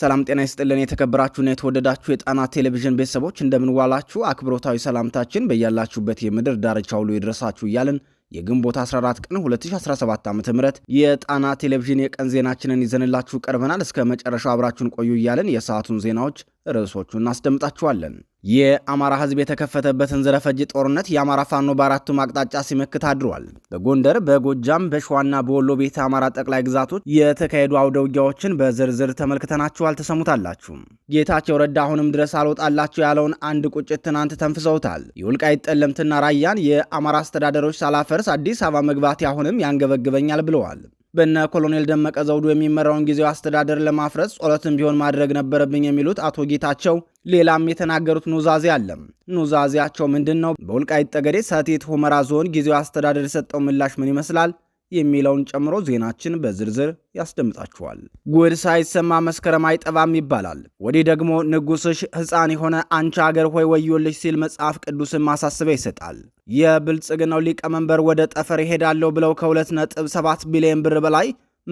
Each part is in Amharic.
ሰላም ጤና ይስጥልን። የተከበራችሁና የተወደዳችሁ የጣና ቴሌቪዥን ቤተሰቦች እንደምንዋላችሁ አክብሮታዊ ሰላምታችን በያላችሁበት የምድር ዳርቻ ሁሉ ይድረሳችሁ እያልን የግንቦት 14 ቀን 2017 ዓ ም የጣና ቴሌቪዥን የቀን ዜናችንን ይዘንላችሁ ቀርበናል። እስከ መጨረሻው አብራችሁን ቆዩ እያልን የሰዓቱን ዜናዎች ርዕሶቹን እናስደምጣችኋለን። የአማራ ህዝብ የተከፈተበትን ዘረፈጅ ጦርነት የአማራ ፋኖ በአራቱም አቅጣጫ ሲመክት አድሯል። በጎንደር፣ በጎጃም፣ በሸዋና በወሎ ቤተ አማራ ጠቅላይ ግዛቶች የተካሄዱ አውደ ውጊያዎችን በዝርዝር ተመልክተናችሁ ተሰሙታላችሁ። ጌታቸው ረዳ አሁንም ድረስ አልወጣላቸው ያለውን አንድ ቁጭት ትናንት ተንፍሰውታል። የወልቃይት ጠለምትና ራያን የአማራ አስተዳደሮች ሳላፈርስ አዲስ አበባ መግባት አሁንም ያንገበግበኛል ብለዋል። በነ ኮሎኔል ደመቀ ዘውዱ የሚመራውን ጊዜው አስተዳደር ለማፍረስ ጸሎትን ቢሆን ማድረግ ነበረብኝ የሚሉት አቶ ጌታቸው ሌላም የተናገሩት ኑዛዜ አለም። ኑዛዜያቸው ምንድን ነው? በውልቃይት ጠገዴ ሰቲት ሁመራ ዞን ጊዜው አስተዳደር የሰጠው ምላሽ ምን ይመስላል? የሚለውን ጨምሮ ዜናችን በዝርዝር ያስደምጣችኋል። ጉድ ሳይሰማ መስከረም አይጠባም ይባላል። ወዲህ ደግሞ ንጉሥሽ ሕፃን የሆነ አንቺ አገር ሆይ ወዮልሽ ሲል መጽሐፍ ቅዱስን ማሳሰቢያ ይሰጣል። የብልጽግናው ሊቀመንበር ወደ ጠፈር ይሄዳለሁ ብለው ከ2.7 ቢሊዮን ብር በላይ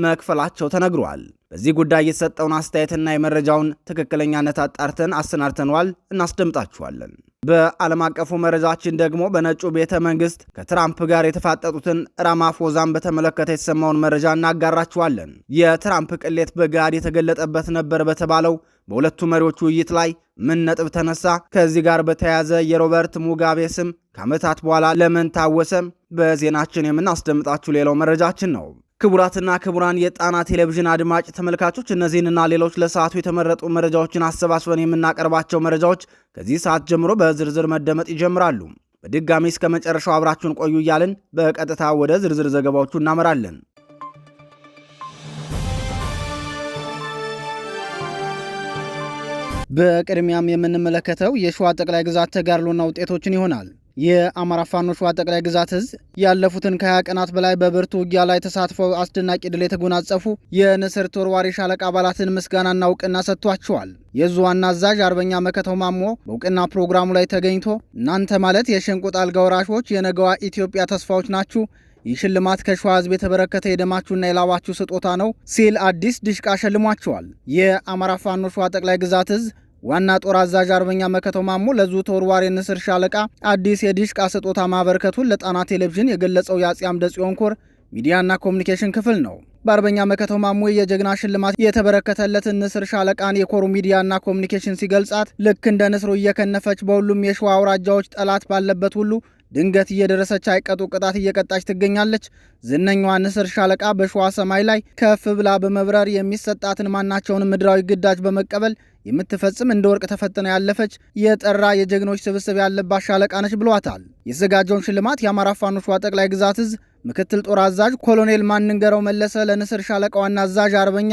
መክፈላቸው ተነግሯል። በዚህ ጉዳይ የተሰጠውን አስተያየትና የመረጃውን ትክክለኛነት አጣርተን አሰናድተነዋል፣ እናስደምጣችኋለን። በዓለም አቀፉ መረጃችን ደግሞ በነጩ ቤተ መንግስት ከትራምፕ ጋር የተፋጠጡትን ራማፎዛን በተመለከተ የተሰማውን መረጃ እናጋራችኋለን። የትራምፕ ቅሌት በጋድ የተገለጠበት ነበር በተባለው በሁለቱ መሪዎች ውይይት ላይ ምን ነጥብ ተነሳ? ከዚህ ጋር በተያያዘ የሮበርት ሙጋቤ ስም ከዓመታት በኋላ ለምን ታወሰ? በዜናችን የምናስደምጣችሁ ሌላው መረጃችን ነው። ክቡራትና ክቡራን የጣና ቴሌቪዥን አድማጭ ተመልካቾች እነዚህንና ሌሎች ለሰዓቱ የተመረጡ መረጃዎችን አሰባስበን የምናቀርባቸው መረጃዎች ከዚህ ሰዓት ጀምሮ በዝርዝር መደመጥ ይጀምራሉ። በድጋሚ እስከ መጨረሻው አብራችሁን ቆዩ እያልን በቀጥታ ወደ ዝርዝር ዘገባዎቹ እናመራለን። በቅድሚያም የምንመለከተው የሸዋ ጠቅላይ ግዛት ተጋድሎና ውጤቶችን ይሆናል። የአማራ ፋኖ ሸዋ ጠቅላይ ግዛት እዝ ያለፉትን ከሀያ ቀናት በላይ በብርቱ ውጊያ ላይ ተሳትፈው አስደናቂ ድል የተጎናጸፉ የንስር ተወርዋሪ ሻለቃ አባላትን ምስጋናና እውቅና ሰጥቷቸዋል። የእዙ ዋና አዛዥ አርበኛ መከተው ማሞ በእውቅና ፕሮግራሙ ላይ ተገኝቶ እናንተ ማለት የሸንቆጥ አልጋ ወራሾች፣ የነገዋ ኢትዮጵያ ተስፋዎች ናችሁ ይህ ሽልማት ከሸዋ የተበረከተ የደማችሁና የላባችሁ ስጦታ ነው ሲል አዲስ ድሽቃ ሸልሟቸዋል። የአማራ ፋኖ ሸዋ ጠቅላይ ግዛት እዝ ዋና ጦር አዛዥ አርበኛ መከተው ማሞ ለዙ ተወርዋሪ ንስር ሻለቃ አዲስ የዲሽቃ ስጦታ ማበርከቱን ለጣና ቴሌቪዥን የገለጸው የአጼ አምደ ጽዮን ኮር ሚዲያና ኮሚኒኬሽን ክፍል ነው። በአርበኛ መከተው ማሞ የጀግና ሽልማት የተበረከተለትን ንስር ሻለቃን የኮሩ ሚዲያና ኮሚኒኬሽን ሲገልጻት ልክ እንደ ንስሩ እየከነፈች በሁሉም የሸዋ አውራጃዎች ጠላት ባለበት ሁሉ ድንገት እየደረሰች አይቀጡ ቅጣት እየቀጣች ትገኛለች። ዝነኛዋ ንስር ሻለቃ በሸዋ ሰማይ ላይ ከፍ ብላ በመብረር የሚሰጣትን ማናቸውን ምድራዊ ግዳጅ በመቀበል የምትፈጽም እንደ ወርቅ ተፈትና ያለፈች የጠራ የጀግኖች ስብስብ ያለባት ሻለቃ ነች ብሏታል። የተዘጋጀውን ሽልማት የአማራ ፋኖ ሸዋ ጠቅላይ ግዛት እዝ ምክትል ጦር አዛዥ ኮሎኔል ማንንገረው መለሰ ለንስር ሻለቃ ዋና አዛዥ አርበኛ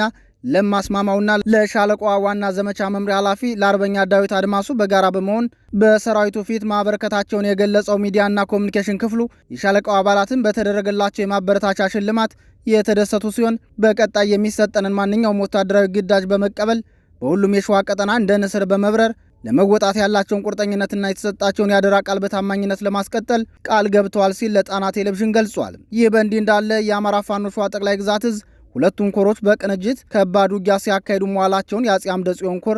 ለማስማማውና ለሻለቋ ዋና ዘመቻ መምሪያ ኃላፊ ለአርበኛ ዳዊት አድማሱ በጋራ በመሆን በሰራዊቱ ፊት ማበረከታቸውን የገለጸው ሚዲያና ኮሚኒኬሽን ክፍሉ የሻለቃው አባላትን በተደረገላቸው የማበረታቻ ሽልማት የተደሰቱ ሲሆን በቀጣይ የሚሰጠንን ማንኛውም ወታደራዊ ግዳጅ በመቀበል በሁሉም የሸዋ ቀጠና እንደ ንስር በመብረር ለመወጣት ያላቸውን ቁርጠኝነትና የተሰጣቸውን የአደራ ቃል በታማኝነት ለማስቀጠል ቃል ገብተዋል ሲል ለጣና ቴሌቪዥን ገልጿል። ይህ በእንዲህ እንዳለ የአማራ ፋኖ ሸዋ ጠቅላይ ግዛት እዝ ሁለቱም ኮሮች በቅንጅት ከባድ ውጊያ ሲያካሂዱ መዋላቸውን የአጼ አምደ ጽዮን ኮር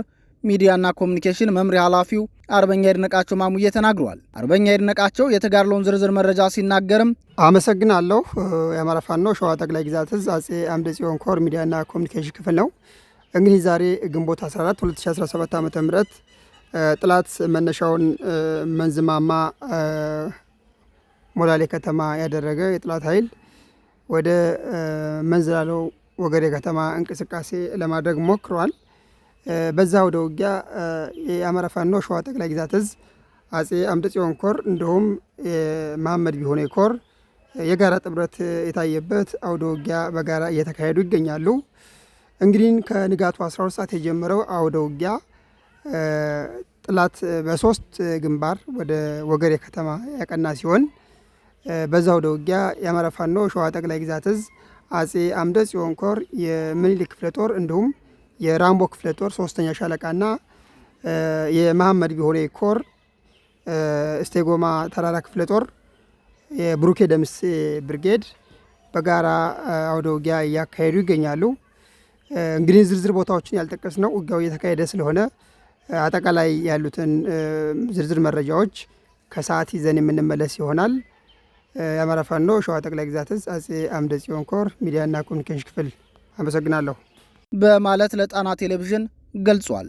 ሚዲያና ኮሚኒኬሽን መምሪያ ኃላፊው አርበኛ ይድነቃቸው ማሙዬ ተናግረዋል። አርበኛ ይድነቃቸው የተጋድሎውን ዝርዝር መረጃ ሲናገርም አመሰግናለሁ። የአማራ ፋኖ ሸዋ ጠቅላይ ግዛት እዝ አጼ አምደ ጽዮን ኮር ሚዲያና ኮሚኒኬሽን ክፍል ነው። እንግዲህ ዛሬ ግንቦት 14 2017 ዓ ም ጥላት መነሻውን መንዝማማ ሞላሌ ከተማ ያደረገ የጥላት ኃይል ወደ መንዝላለው ወገዴ ከተማ እንቅስቃሴ ለማድረግ ሞክሯል። በዛ ወደ ውጊያ የአማራ ፋኖ ሸዋ ጠቅላይ ግዛት እዝ አጼ አምደ ጽዮን ኮር እንዲሁም መሐመድ ቢሆኔ ኮር የጋራ ጥምረት የታየበት አውደ ውጊያ በጋራ እየተካሄዱ ይገኛሉ። እንግዲህ ከንጋቱ 12 ሰዓት የጀመረው አውደ ውጊያ ጥላት በሶስት ግንባር ወደ ወገሬ ከተማ ያቀና ሲሆን በዛው አውደ ውጊያ የአማራ ፋኖ ሸዋ ጠቅላይ ግዛት እዝ አጼ አምደ ጽዮን ኮር የምኒልክ ክፍለ ጦር እንዲሁም የራምቦ ክፍለ ጦር ሶስተኛ ሻለቃና የመሐመድ ቢሆኔ ኮር እስቴጎማ ተራራ ክፍለ ጦር የብሩኬ ደምስ ብርጌድ በጋራ አውደ ውጊያ እያካሄዱ ይገኛሉ። እንግዲህ ዝርዝር ቦታዎችን ያልጠቀስ ነው ውጊያው እየተካሄደ ስለሆነ አጠቃላይ ያሉትን ዝርዝር መረጃዎች ከሰዓት ይዘን የምንመለስ ይሆናል። የአማራ ፋኖ ሸዋ ጠቅላይ ግዛት ዕዝ አጼ አምደ ጽዮን ኮር ሚዲያና ኮሚኒኬሽን ክፍል አመሰግናለሁ በማለት ለጣና ቴሌቪዥን ገልጿል።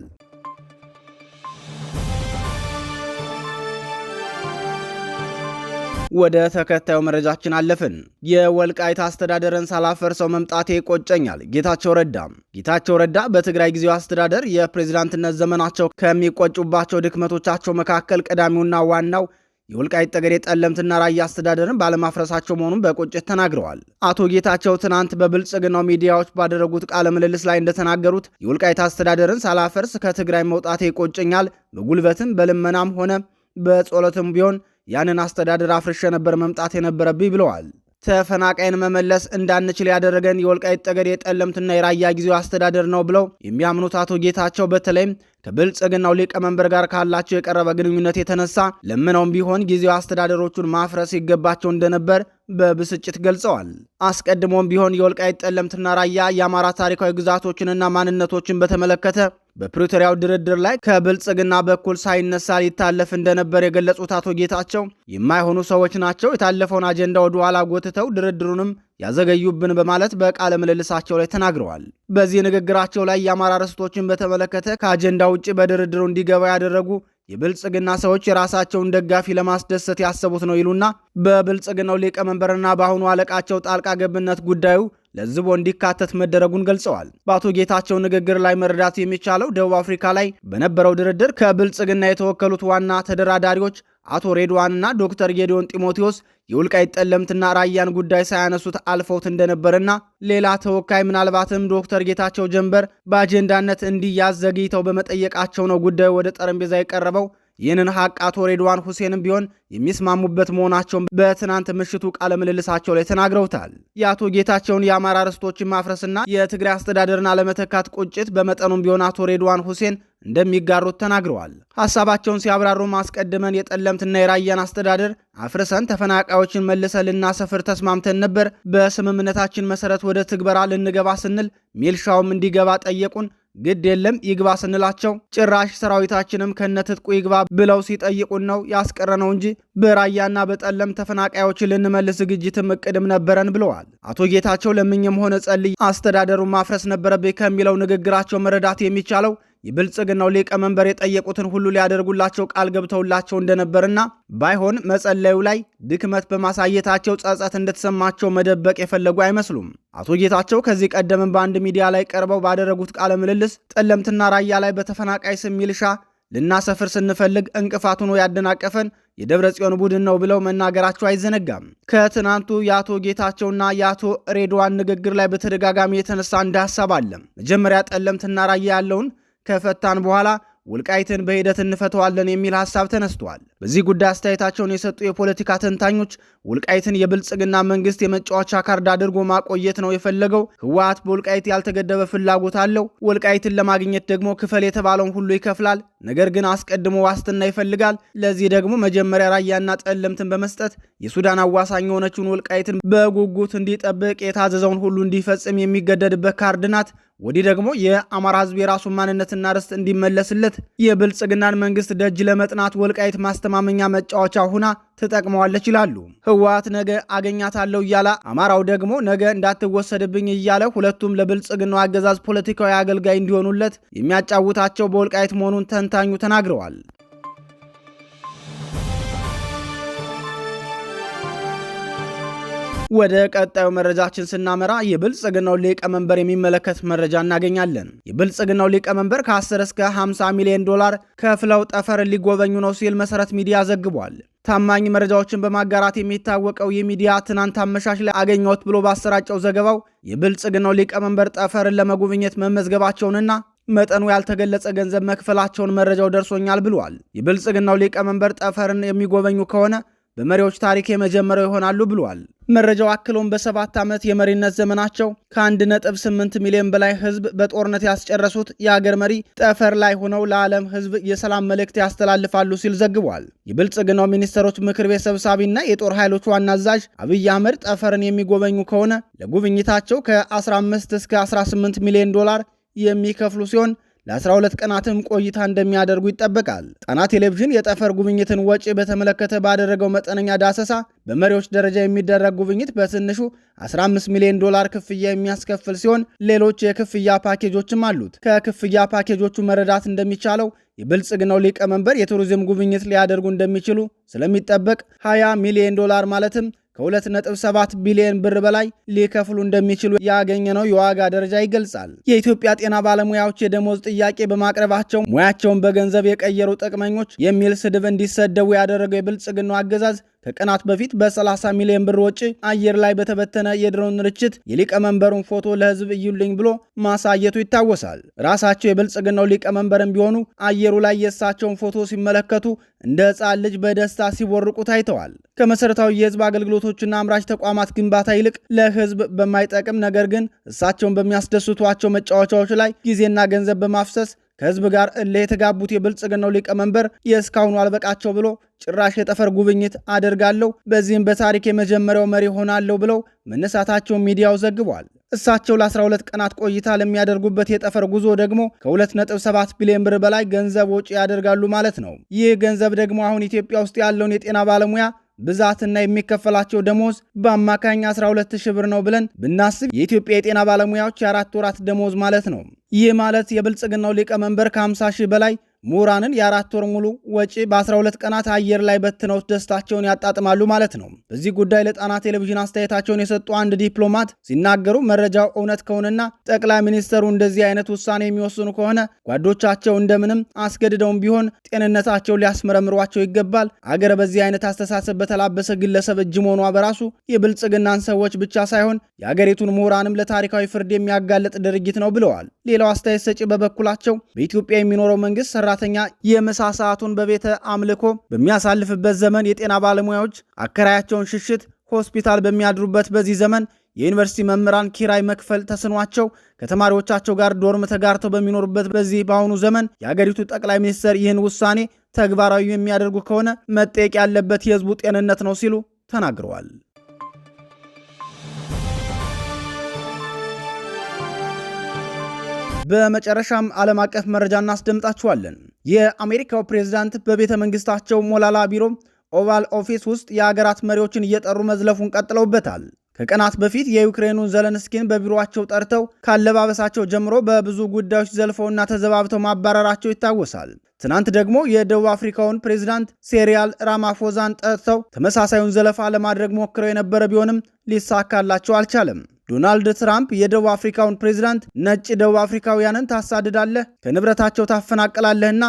ወደ ተከታዩ መረጃችን አለፍን። የወልቃይት አስተዳደርን ሳላፈርሰው መምጣቴ ቆጨኛል፣ ጌታቸው ረዳ። ጌታቸው ረዳ በትግራይ ጊዜያዊ አስተዳደር የፕሬዝዳንትነት ዘመናቸው ከሚቆጩባቸው ድክመቶቻቸው መካከል ቀዳሚውና ዋናው የወልቃይት ጠገዴ ጠለምትና ራያ አስተዳደርን ባለማፍረሳቸው መሆኑን በቁጭት ተናግረዋል። አቶ ጌታቸው ትናንት በብልጽግናው ሚዲያዎች ባደረጉት ቃለ ምልልስ ላይ እንደተናገሩት የወልቃይት አስተዳደርን ሳላፈርስ ከትግራይ መውጣቴ ይቆጭኛል በጉልበትም በልመናም ሆነ በጸሎትም ቢሆን ያንን አስተዳደር አፍርሼ ነበር መምጣት የነበረብኝ ብለዋል። ተፈናቃይን መመለስ እንዳንችል ያደረገን የወልቃይት ጠገድ የጠለምትና የራያ ጊዜው አስተዳደር ነው ብለው የሚያምኑት አቶ ጌታቸው በተለይም ከብልጽግናው ሊቀመንበር ጋር ካላቸው የቀረበ ግንኙነት የተነሳ ለምነውም ቢሆን ጊዜው አስተዳደሮቹን ማፍረስ ይገባቸው እንደነበር በብስጭት ገልጸዋል። አስቀድሞም ቢሆን የወልቃይት ጠለምትና ራያ የአማራ ታሪካዊ ግዛቶችንና ማንነቶችን በተመለከተ በፕሪቶሪያው ድርድር ላይ ከብልጽግና በኩል ሳይነሳ ሊታለፍ እንደነበር የገለጹት አቶ ጌታቸው የማይሆኑ ሰዎች ናቸው፣ የታለፈውን አጀንዳ ወደ ኋላ ጎትተው ድርድሩንም ያዘገዩብን በማለት በቃለ ምልልሳቸው ላይ ተናግረዋል። በዚህ ንግግራቸው ላይ የአማራ ርስቶችን በተመለከተ ከአጀንዳ ውጭ በድርድሩ እንዲገባ ያደረጉ የብልጽግና ሰዎች የራሳቸውን ደጋፊ ለማስደሰት ያሰቡት ነው ይሉና በብልጽግናው ሊቀመንበርና በአሁኑ አለቃቸው ጣልቃ ገብነት ጉዳዩ ለዝቦ እንዲካተት መደረጉን ገልጸዋል። በአቶ ጌታቸው ንግግር ላይ መረዳት የሚቻለው ደቡብ አፍሪካ ላይ በነበረው ድርድር ከብልጽግና የተወከሉት ዋና ተደራዳሪዎች አቶ ሬድዋንና ዶክተር ጌዲዮን ጢሞቴዎስ የውልቃይት ጠለምትና ራያን ጉዳይ ሳያነሱት አልፈውት እንደነበርና ሌላ ተወካይ ምናልባትም ዶክተር ጌታቸው ጀንበር በአጀንዳነት እንዲያዝ ዘግይተው በመጠየቃቸው ነው ጉዳዩ ወደ ጠረጴዛ የቀረበው። ይህንን ሀቅ አቶ ሬድዋን ሁሴንም ቢሆን የሚስማሙበት መሆናቸውን በትናንት ምሽቱ ቃለ ምልልሳቸው ላይ ተናግረውታል። የአቶ ጌታቸውን የአማራ ርስቶችን ማፍረስና የትግራይ አስተዳደርን አለመተካት ቁጭት በመጠኑም ቢሆን አቶ ሬድዋን ሁሴን እንደሚጋሩት ተናግረዋል። ሀሳባቸውን ሲያብራሩ ማስቀድመን የጠለምትና የራያን አስተዳደር አፍርሰን ተፈናቃዮችን መልሰን ልናሰፍር ተስማምተን ነበር። በስምምነታችን መሰረት ወደ ትግበራ ልንገባ ስንል ሚልሻውም እንዲገባ ጠየቁን። ግድ የለም ይግባ ስንላቸው ጭራሽ ሰራዊታችንም ከነትጥቁ ይግባ ብለው ሲጠይቁን ነው ያስቀረነው እንጂ በራያና በጠለም ተፈናቃዮች ልንመልስ ዝግጅትም እቅድም ነበረን ብለዋል። አቶ ጌታቸው ለምኝም ሆነ ጸልይ አስተዳደሩን ማፍረስ ነበረብኝ ከሚለው ንግግራቸው መረዳት የሚቻለው የብልጽግናው ሊቀመንበር የጠየቁትን ሁሉ ሊያደርጉላቸው ቃል ገብተውላቸው እንደነበርና ባይሆን መጸለዩ ላይ ድክመት በማሳየታቸው ጸጸት እንደተሰማቸው መደበቅ የፈለጉ አይመስሉም። አቶ ጌታቸው ከዚህ ቀደምም በአንድ ሚዲያ ላይ ቀርበው ባደረጉት ቃለ ምልልስ ጠለምትና ራያ ላይ በተፈናቃይ ስም ሚልሻ ልናሰፍር ስንፈልግ እንቅፋት ሆኖ ያደናቀፈን የደብረ ጽዮን ቡድን ነው ብለው መናገራቸው አይዘነጋም። ከትናንቱ የአቶ ጌታቸውና የአቶ ሬድዋን ንግግር ላይ በተደጋጋሚ የተነሳ እንደ ሀሳብ አለ መጀመሪያ ጠለምትና ራያ ያለውን ከፈታን በኋላ ውልቃይትን በሂደት እንፈተዋለን የሚል ሀሳብ ተነስቷል። በዚህ ጉዳይ አስተያየታቸውን የሰጡ የፖለቲካ ተንታኞች ውልቃይትን የብልጽግና መንግስት የመጫወቻ ካርድ አድርጎ ማቆየት ነው የፈለገው። ህወሓት በውልቃይት ያልተገደበ ፍላጎት አለው። ውልቃይትን ለማግኘት ደግሞ ክፈል የተባለውን ሁሉ ይከፍላል። ነገር ግን አስቀድሞ ዋስትና ይፈልጋል። ለዚህ ደግሞ መጀመሪያ ራያና ጠለምትን በመስጠት የሱዳን አዋሳኝ የሆነችውን ውልቃይትን በጉጉት እንዲጠብቅ የታዘዘውን ሁሉ እንዲፈጽም የሚገደድበት ካርድ ናት። ወዲህ ደግሞ የአማራ ህዝብ የራሱን ማንነትና ርስት እንዲመለስለት የብልጽግናን መንግስት ደጅ ለመጥናት ወልቃይት ማስተ ማስተማመኛ መጫወቻ ሁና ትጠቅመዋለች ይላሉ። ህወሓት ነገ አገኛታለሁ እያለ አማራው ደግሞ ነገ እንዳትወሰድብኝ እያለ ሁለቱም ለብልጽግናው አገዛዝ ፖለቲካዊ አገልጋይ እንዲሆኑለት የሚያጫውታቸው በወልቃይት መሆኑን ተንታኙ ተናግረዋል። ወደ ቀጣዩ መረጃችን ስናመራ የብልጽግናው ሊቀመንበር የሚመለከት መረጃ እናገኛለን። የብልጽግናው ሊቀመንበር ከ10 እስከ 50 ሚሊዮን ዶላር ከፍለው ጠፈር ሊጎበኙ ነው ሲል መሰረት ሚዲያ ዘግቧል። ታማኝ መረጃዎችን በማጋራት የሚታወቀው የሚዲያ ትናንት አመሻሽ ላይ አገኘሁት ብሎ ባሰራጨው ዘገባው የብልጽግናው ሊቀመንበር ጠፈርን ለመጎብኘት መመዝገባቸውንና መጠኑ ያልተገለጸ ገንዘብ መክፈላቸውን መረጃው ደርሶኛል ብሏል። የብልጽግናው ሊቀመንበር ጠፈርን የሚጎበኙ ከሆነ በመሪዎች ታሪክ የመጀመሪያው ይሆናሉ ብሏል። መረጃው አክሎም በሰባት ዓመት የመሪነት ዘመናቸው ከ1.8 ሚሊዮን በላይ ህዝብ በጦርነት ያስጨረሱት የአገር መሪ ጠፈር ላይ ሆነው ለዓለም ህዝብ የሰላም መልእክት ያስተላልፋሉ ሲል ዘግቧል። የብልጽግናው ሚኒስትሮች ምክር ቤት ሰብሳቢና የጦር ኃይሎች ዋና አዛዥ አብይ አህመድ ጠፈርን የሚጎበኙ ከሆነ ለጉብኝታቸው ከ15 እስከ 18 ሚሊዮን ዶላር የሚከፍሉ ሲሆን ለ12 ቀናትም ቆይታ እንደሚያደርጉ ይጠበቃል። ጣና ቴሌቪዥን የጠፈር ጉብኝትን ወጪ በተመለከተ ባደረገው መጠነኛ ዳሰሳ በመሪዎች ደረጃ የሚደረግ ጉብኝት በትንሹ 15 ሚሊዮን ዶላር ክፍያ የሚያስከፍል ሲሆን ሌሎች የክፍያ ፓኬጆችም አሉት። ከክፍያ ፓኬጆቹ መረዳት እንደሚቻለው የብልጽግናው ሊቀመንበር የቱሪዝም ጉብኝት ሊያደርጉ እንደሚችሉ ስለሚጠበቅ 20 ሚሊዮን ዶላር ማለትም ከ2.7 ቢሊዮን ብር በላይ ሊከፍሉ እንደሚችሉ ያገኘነው የዋጋ ደረጃ ይገልጻል። የኢትዮጵያ ጤና ባለሙያዎች የደሞዝ ጥያቄ በማቅረባቸው ሙያቸውን በገንዘብ የቀየሩ ጥቅመኞች የሚል ስድብ እንዲሰደቡ ያደረገው የብልጽግናው አገዛዝ ከቀናት በፊት በ30 ሚሊዮን ብር ወጪ አየር ላይ በተበተነ የድሮን ርችት የሊቀመንበሩን ፎቶ ለህዝብ እዩልኝ ብሎ ማሳየቱ ይታወሳል። ራሳቸው የብልጽግናው ሊቀመንበርን ቢሆኑ አየሩ ላይ የእሳቸውን ፎቶ ሲመለከቱ እንደ ሕፃን ልጅ በደስታ ሲቦርቁ ታይተዋል። ከመሠረታዊ የህዝብ አገልግሎቶችና አምራች ተቋማት ግንባታ ይልቅ ለህዝብ በማይጠቅም ነገር ግን እሳቸውን በሚያስደስቷቸው መጫወቻዎች ላይ ጊዜና ገንዘብ በማፍሰስ ከህዝብ ጋር እልህ የተጋቡት የብልጽግናው ሊቀመንበር የእስካሁኑ አልበቃቸው ብሎ ጭራሽ የጠፈር ጉብኝት አደርጋለሁ፣ በዚህም በታሪክ የመጀመሪያው መሪ ሆናለሁ ብለው መነሳታቸውን ሚዲያው ዘግቧል። እሳቸው ለ12 ቀናት ቆይታ ለሚያደርጉበት የጠፈር ጉዞ ደግሞ ከ2.7 ቢሊዮን ብር በላይ ገንዘብ ወጪ ያደርጋሉ ማለት ነው። ይህ ገንዘብ ደግሞ አሁን ኢትዮጵያ ውስጥ ያለውን የጤና ባለሙያ ብዛትና የሚከፈላቸው ደሞዝ በአማካኝ 12 ሺህ ብር ነው ብለን ብናስብ የኢትዮጵያ የጤና ባለሙያዎች የአራት ወራት ደሞዝ ማለት ነው። ይህ ማለት የብልጽግናው ሊቀመንበር ከ50 ሺህ በላይ ምሁራንን የአራት ወር ሙሉ ወጪ በ12 ቀናት አየር ላይ በትነው ደስታቸውን ያጣጥማሉ ማለት ነው። በዚህ ጉዳይ ለጣና ቴሌቪዥን አስተያየታቸውን የሰጡ አንድ ዲፕሎማት ሲናገሩ መረጃው እውነት ከሆነና ጠቅላይ ሚኒስተሩ እንደዚህ አይነት ውሳኔ የሚወስኑ ከሆነ ጓዶቻቸው እንደምንም አስገድደውም ቢሆን ጤንነታቸው ሊያስመረምሯቸው ይገባል። አገር በዚህ አይነት አስተሳሰብ በተላበሰ ግለሰብ እጅ መሆኗ በራሱ የብልጽግናን ሰዎች ብቻ ሳይሆን የአገሪቱን ምሁራንም ለታሪካዊ ፍርድ የሚያጋለጥ ድርጊት ነው ብለዋል። ሌላው አስተያየት ሰጪ በበኩላቸው በኢትዮጵያ የሚኖረው መንግስት ሰራ ሰራተኛ የምሳ ሰዓቱን በቤተ አምልኮ በሚያሳልፍበት ዘመን የጤና ባለሙያዎች አከራያቸውን ሽሽት ሆስፒታል በሚያድሩበት በዚህ ዘመን የዩኒቨርሲቲ መምህራን ኪራይ መክፈል ተስኗቸው ከተማሪዎቻቸው ጋር ዶርም ተጋርተው በሚኖሩበት በዚህ በአሁኑ ዘመን የአገሪቱ ጠቅላይ ሚኒስትር ይህን ውሳኔ ተግባራዊ የሚያደርጉ ከሆነ መጠየቅ ያለበት የሕዝቡ ጤንነት ነው ሲሉ ተናግረዋል። በመጨረሻም ዓለም አቀፍ መረጃ እናስደምጣችኋለን። የአሜሪካው ፕሬዝዳንት በቤተ መንግስታቸው ሞላላ ቢሮ ኦቫል ኦፊስ ውስጥ የአገራት መሪዎችን እየጠሩ መዝለፉን ቀጥለውበታል። ከቀናት በፊት የዩክሬኑን ዘለንስኪን በቢሮቸው ጠርተው ካለባበሳቸው ጀምሮ በብዙ ጉዳዮች ዘልፈውና ተዘባብተው ማባረራቸው ይታወሳል። ትናንት ደግሞ የደቡብ አፍሪካውን ፕሬዝዳንት ሴሪያል ራማፎዛን ጠርተው ተመሳሳዩን ዘለፋ ለማድረግ ሞክረው የነበረ ቢሆንም ሊሳካላቸው አልቻለም። ዶናልድ ትራምፕ የደቡብ አፍሪካውን ፕሬዚዳንት ነጭ ደቡብ አፍሪካውያንን ታሳድዳለህ፣ ከንብረታቸው ታፈናቅላለህና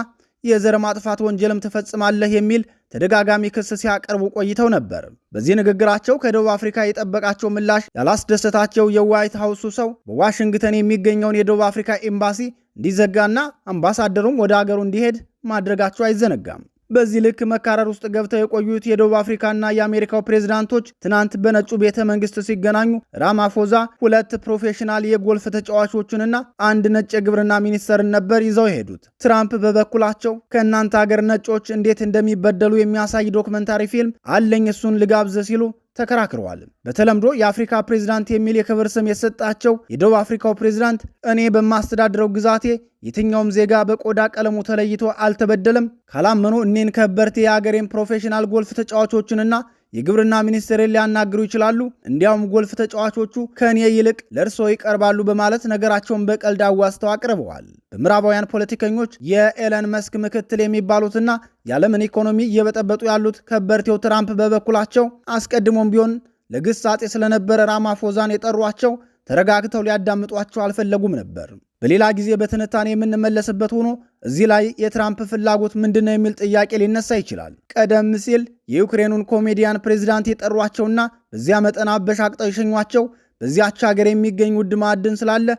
የዘር ማጥፋት ወንጀልም ትፈጽማለህ የሚል ተደጋጋሚ ክስ ሲያቀርቡ ቆይተው ነበር። በዚህ ንግግራቸው ከደቡብ አፍሪካ የጠበቃቸው ምላሽ ያላስደሰታቸው የዋይት ሀውሱ ሰው በዋሽንግተን የሚገኘውን የደቡብ አፍሪካ ኤምባሲ እንዲዘጋና አምባሳደሩም ወደ አገሩ እንዲሄድ ማድረጋቸው አይዘነጋም። በዚህ ልክ መካረር ውስጥ ገብተው የቆዩት የደቡብ አፍሪካና የአሜሪካው ፕሬዝዳንቶች ትናንት በነጩ ቤተ መንግስት ሲገናኙ ራማፎዛ ሁለት ፕሮፌሽናል የጎልፍ ተጫዋቾችንና አንድ ነጭ የግብርና ሚኒስተርን ነበር ይዘው የሄዱት። ትራምፕ በበኩላቸው ከእናንተ ሀገር ነጮች እንዴት እንደሚበደሉ የሚያሳይ ዶክመንታሪ ፊልም አለኝ እሱን ልጋብዝ ሲሉ ተከራክረዋል። በተለምዶ የአፍሪካ ፕሬዝዳንት የሚል የክብር ስም የሰጣቸው የደቡብ አፍሪካው ፕሬዝዳንት እኔ በማስተዳድረው ግዛቴ የትኛውም ዜጋ በቆዳ ቀለሙ ተለይቶ አልተበደለም፣ ካላመኑ እኔን ከበርቴ የአገሬን ፕሮፌሽናል ጎልፍ ተጫዋቾችንና የግብርና ሚኒስቴርን ሊያናግሩ ይችላሉ። እንዲያውም ጎልፍ ተጫዋቾቹ ከእኔ ይልቅ ለእርሶ ይቀርባሉ በማለት ነገራቸውን በቀልድ አዋዝተው አቅርበዋል። በምዕራባውያን ፖለቲከኞች የኤለን መስክ ምክትል የሚባሉትና የዓለምን ኢኮኖሚ እየበጠበጡ ያሉት ከበርቴው ትራምፕ በበኩላቸው አስቀድሞም ቢሆን ለግሳጼ ስለነበረ ራማፎዛን የጠሯቸው ተረጋግተው ሊያዳምጧቸው አልፈለጉም ነበር። በሌላ ጊዜ በትንታኔ የምንመለስበት ሆኖ እዚህ ላይ የትራምፕ ፍላጎት ምንድን ነው የሚል ጥያቄ ሊነሳ ይችላል። ቀደም ሲል የዩክሬኑን ኮሜዲያን ፕሬዚዳንት የጠሯቸውና በዚያ መጠን አበሻቅጠው የሸኟቸው በዚያች ሀገር የሚገኝ ውድ ማዕድን ስላለ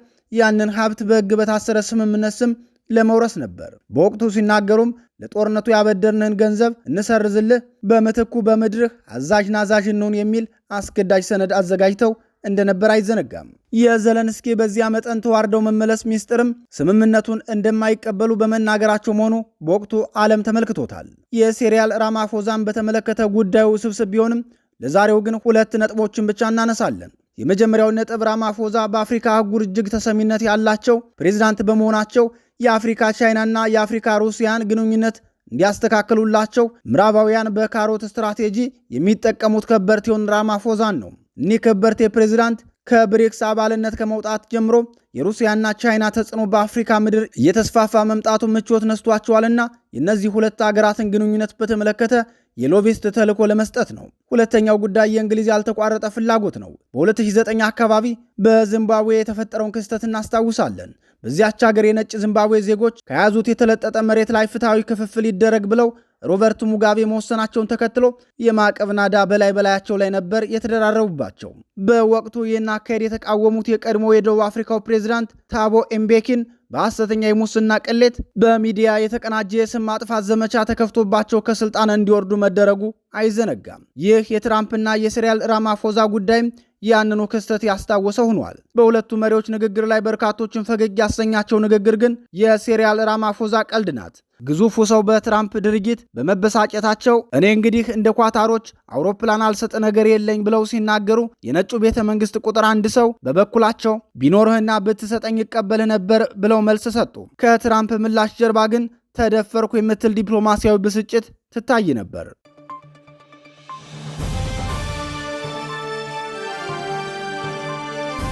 ያንን ሀብት በሕግ በታሰረ ስምምነት ስም ለመውረስ ነበር። በወቅቱ ሲናገሩም ለጦርነቱ ያበደርንህን ገንዘብ እንሰርዝልህ፣ በምትኩ በምድርህ አዛዥ ናዛዥ እንሁን የሚል አስገዳጅ ሰነድ አዘጋጅተው እንደነበር አይዘነጋም። የዘለንስኪ በዚያ መጠን ተዋርደው መመለስ ሚስጥርም ስምምነቱን እንደማይቀበሉ በመናገራቸው መሆኑ በወቅቱ ዓለም ተመልክቶታል። የሴሪያል ራማፎዛን በተመለከተ ጉዳዩ ውስብስብ ቢሆንም ለዛሬው ግን ሁለት ነጥቦችን ብቻ እናነሳለን። የመጀመሪያው ነጥብ ራማፎዛ በአፍሪካ አህጉር እጅግ ተሰሚነት ያላቸው ፕሬዝዳንት በመሆናቸው የአፍሪካ ቻይናና የአፍሪካ ሩሲያን ግንኙነት እንዲያስተካክሉላቸው ምዕራባውያን በካሮት ስትራቴጂ የሚጠቀሙት ከበርቴውን ራማፎዛን ነው። እኒህ ክብርት ፕሬዚዳንት ከብሪክስ አባልነት ከመውጣት ጀምሮ የሩሲያና ቻይና ተጽዕኖ በአፍሪካ ምድር እየተስፋፋ መምጣቱ ምቾት ነስቷቸዋልና የእነዚህ ሁለት አገራትን ግንኙነት በተመለከተ የሎቤስት ተልዕኮ ለመስጠት ነው። ሁለተኛው ጉዳይ የእንግሊዝ ያልተቋረጠ ፍላጎት ነው። በ2009 አካባቢ በዚምባብዌ የተፈጠረውን ክስተት እናስታውሳለን። በዚያች ሀገር የነጭ ዚምባብዌ ዜጎች ከያዙት የተለጠጠ መሬት ላይ ፍትሐዊ ክፍፍል ይደረግ ብለው ሮበርት ሙጋቤ መወሰናቸውን ተከትሎ የማዕቀብ ናዳ በላይ በላያቸው ላይ ነበር የተደራረቡባቸው። በወቅቱ ይህን አካሄድ የተቃወሙት የቀድሞ የደቡብ አፍሪካው ፕሬዚዳንት ታቦ ኤምቤኪን በሐሰተኛ የሙስና ቅሌት በሚዲያ የተቀናጀ የስም ማጥፋት ዘመቻ ተከፍቶባቸው ከስልጣን እንዲወርዱ መደረጉ አይዘነጋም። ይህ የትራምፕና የሲሪያል ራማፎዛ ጉዳይም ያንኑ ክስተት ያስታወሰ ሆኗል። በሁለቱ መሪዎች ንግግር ላይ በርካቶችን ፈገግ ያሰኛቸው ንግግር ግን የሲሪያል ራማፎዛ ቀልድ ናት። ግዙፉ ሰው በትራምፕ ድርጊት በመበሳጨታቸው እኔ እንግዲህ እንደ ኳታሮች አውሮፕላን አልሰጥ ነገር የለኝ ብለው ሲናገሩ የነጩ ቤተ መንግስት ቁጥር አንድ ሰው በበኩላቸው ቢኖርህና ብትሰጠኝ ይቀበል ነበር ብለው መልስ ሰጡ። ከትራምፕ ምላሽ ጀርባ ግን ተደፈርኩ የምትል ዲፕሎማሲያዊ ብስጭት ትታይ ነበር።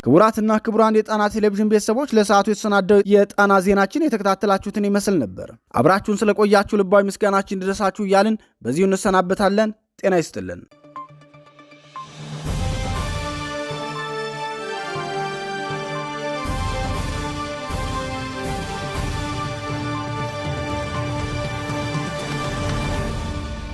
ክቡራትና ክቡራን የጣና ቴሌቪዥን ቤተሰቦች ለሰዓቱ የተሰናደው የጣና ዜናችን የተከታተላችሁትን ይመስል ነበር። አብራችሁን ስለቆያችሁ ልባዊ ምስጋናችን ድረሳችሁ እያልን በዚሁ እንሰናበታለን። ጤና ይስጥልን።